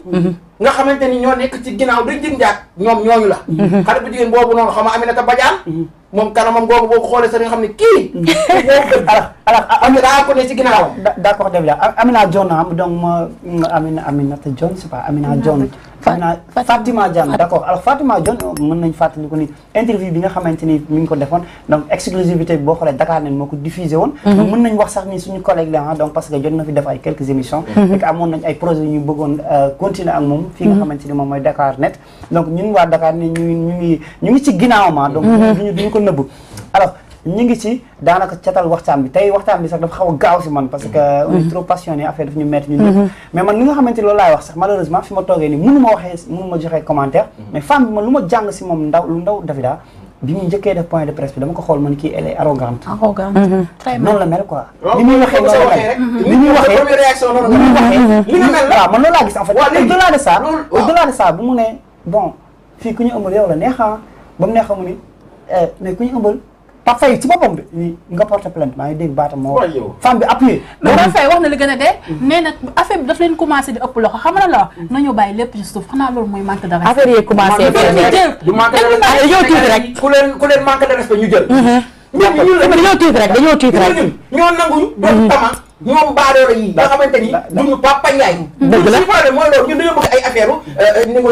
Mm-hmm. nga xamante ni ñoo nekk ci ginnaaw duñ jig njaag ñoom ñooñu la mm-hmm. xale bu jigéen boobu noonu xam nga Aminata Badiane mm-hmm. moom kanamam googu boo xoolee sa nga xam ne kii boobu ala ala Amina daa ko ne ci ginnaawam d'accord am ah, donc ma Amina Aminata John c'est pas Amina John xanaa Fatima d'accord alors Fatima Diagne euh, mën nañ fàttali ko ni interview bi nga xamante ni mi ngi ko defoon donc exclusivité boo xoolee Dakar ne moo ko diffusé woon mhm. donc mën nañ wax sax ni suñu collègue la ah donc parce que jot na fi def ay quelques émissions fekk mhm. amoon nañ ay projets ñu bëggoon euh, continuer ak moom fii nga mhm. xamante ni mooy Dakar net donc ñun waa Dakar ne ñu ñu ngi ñu ngi ci ginnaawam donc duñu ko nëbb alors ñu ngi si daanaka catal waxtaan bi tey waxtaan bi sax dafa xaw a gaaw si man parce que mhm. on est trop passionné affaire daf ñu metti ñun ñëpp mhm. mais man li nga xamante loolu laay wax sax malheureusement fi ma toogee nii mënu ma waxee mhm. man moom ndaw lu ndaw Davida bi def point de presse bi ko xool man kii elle la mel quoi. li muy loolu laa gis en fait. au delà de saa au delà de ça bu mu ne bon fii ku ñu ëmbal yow la neexaa ah. ba mu neexamu ni eh, mais ku ñu ëmbal. Pape Faye ci boppam de nga porté plainte maa ngi dégg moo wax femme bi appuyé Pape Faye wax na li gën a dee mais mm-hmm. nag bi daf leen commencé di ëpp loxo xam na la mm-hmm. nañu bàyyi lépp ci suuf xanaa loolu mooy manque de respect affaire yi rek ku leen ku leen manque de mm-hmm. rek xamante ni duñu Papa Ndiaye dëgg la suñu problème mooy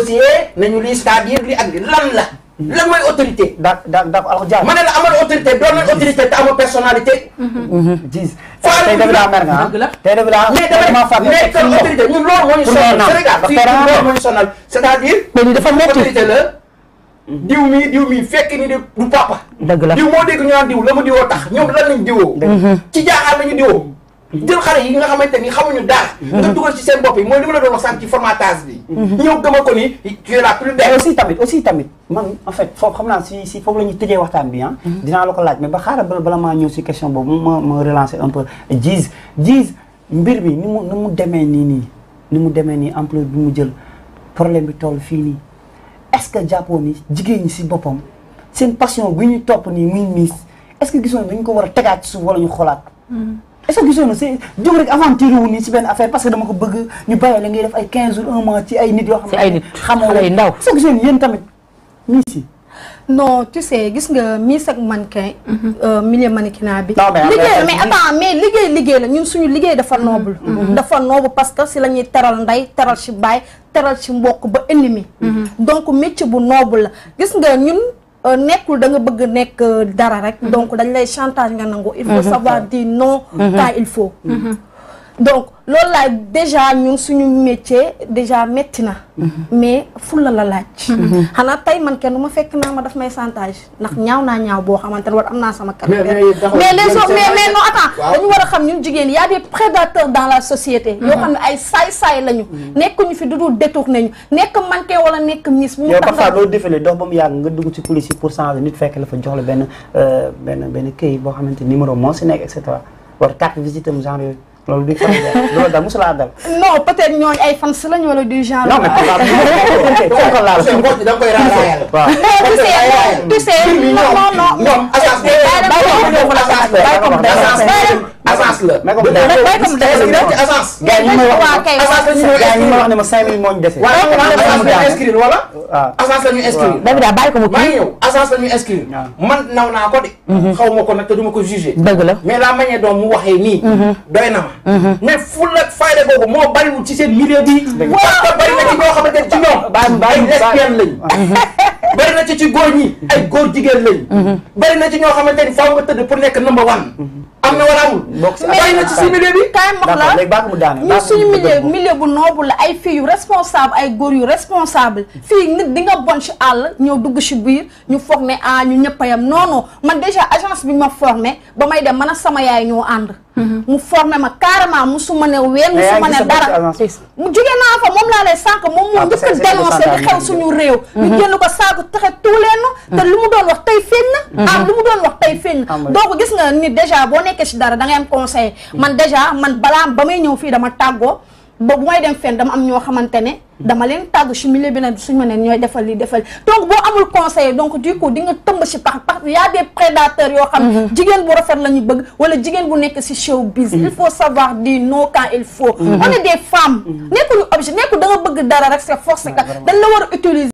loolu ñun dañoo lan mooy autorité. daa daa daa alors jaar ma ne la amal autorité doon nañ autorité te amoo personnalité. dis mm-hmm. mm-hmm. tey daf daa mer nga ah tey daf daa. mais dama mais que autorité ñun loolu moo ñu sonal Sénégal fii loolu moo ñu sonal c'est-à-dire. mais ni dafa métti autorité la. Mm-hmm. diw mii diw mii fekk ni du papa. dëgg la diw moo dégg ñu naan diw la mu diwoo tax ñoom lan lañ diwoo. ci jaaxal lañu diwoo. jël xale yi nga xamante ni xamuñu dara. Mhm. nga dugal ci la doon wax sànq ci formatage mhm. tamit aussi tamit man en fait xam naa si si la ñuy tëjee waxtaan bi ah. Mhm. dinaa la ko laaj mais ba maa ñëw si question boobu ma ma relancer un peu Djiz Djiz mbir bi ni mu ni demee nii nii ni mu demee nii ampleur bi mu jël problème bi toll fii nii est-ce que jàppoon ni jigéen ñi si boppam seen passion bi ñu topp nii muy miis est-ce que gisoon dañu ko war a tegaat ci suuf wala ñu xolaat est-ce que gisoo na c'est jóg rek aventure wu nii si benn affaire parce que dama ko bëgg ñu bàyyi la ngay def ay 15 jours un mois ci ay nit yoo xam ne. ay ndaw. est-ce que gisoo ni tamit Miss yi. tu sais gis nga Miss ak mannequin. Mhm. Euh, milieu mannequinat bi. non mais liggéey mais liggéey liggéey la ñun suñu liggéey dafa mhm. noble. Mhm. dafa noble parce que si la ñuy teral ndey teral si baay teral si mbokk ba ennemi. donc métier bu noble la gis nga ñun. Euh, nekkul da nga bëgg nekk euh, dara rek mhm. donc dañ lay chantage nga nangu il faut mhm. savoir dire non mhm. quand il faut donc loolu laaj déjà ñun suñu mettier déjà metti na mais fulla la laaj xanaa tey man kenn ma fekk naa ma daf may chantage ndax ñaaw naa ñaaw boo xamante ne war am naa sama carrière mais mais mais non dañu war a xam ñun jigéen y a des prédateurs dans la société yoo xam ne ay saay-saay lañu nekk ñu fi du dul détourné ñu nekk manqué wala nekk mis bu ñu parfois doo défilé dox ba mu yàgg nga dugg ci police yi pour nit fekk la fa jox la benn benn benn këyit boo xamante numéro moo si nekk et cetera war carte visite am genre yooyu loolu du fan loolu daal mosul dal. non peut-être ñooñu ay fans lañu wala du genre. non mais tu sais non non. avance la. mais comme avance. gars yi ñu may ne ma 5000 moo ñu dese. waaw avance la ñu inscrire wala. waaw avance la ñu inscrire. Mhm. dëgg la ko mu kii maa ngi waxee nii. Mhm. doy na ma. Mhm. mais fulla ak fayda googu moo bariwul ci seen milieu bi. bari na ci ñoo xamante ne ci ni faaw nga tëdd pour nekk number one am si na bi. kaay ma wax la ñun suñu milieu milieu bu noobu la ay filles yu responsable ay góor yu responsable fii nit di nga bon ci àll ñëw dugg ci biir ñu foog ne ah ñu ñëpp a yem non non man déjà agence bi ma formé ba may dem man a sama yaay ñoo ànd. Mhm. mu formé ma carrément musuma ne ween musuma ne dara mu jóge naa fa moom laa lay sànq moom moo ah, njëkk a li xew suñu réew. ñu génn mhm. ko saako taxe te lu mu doon wax tey feeñ na mm-hmm. ah lu mu doon wax tey feeñ na donc gis nga ni dèjà boo nekkee si dara da ngay am conseil mm-hmm. man dèjà man balaa ba may ñëw fii dama tàggoo ba bu may dem fen dama am ñoo xamante ne mm-hmm. dama leen tàggu si milieu bi nag suñu ma ne ñooy defal lii defal donc boo amul conseil donc du coup di nga tëmb si pax pax yaa a des prédateurs yoo xam jigéen bu rafet la ñu bëgg wala jigéen bu nekk si showbiz il faut savoir dire non quand il faut on est des femmes nekkuñu objet nekku da nga bëgg dara rek c'est force que dañ a utiliser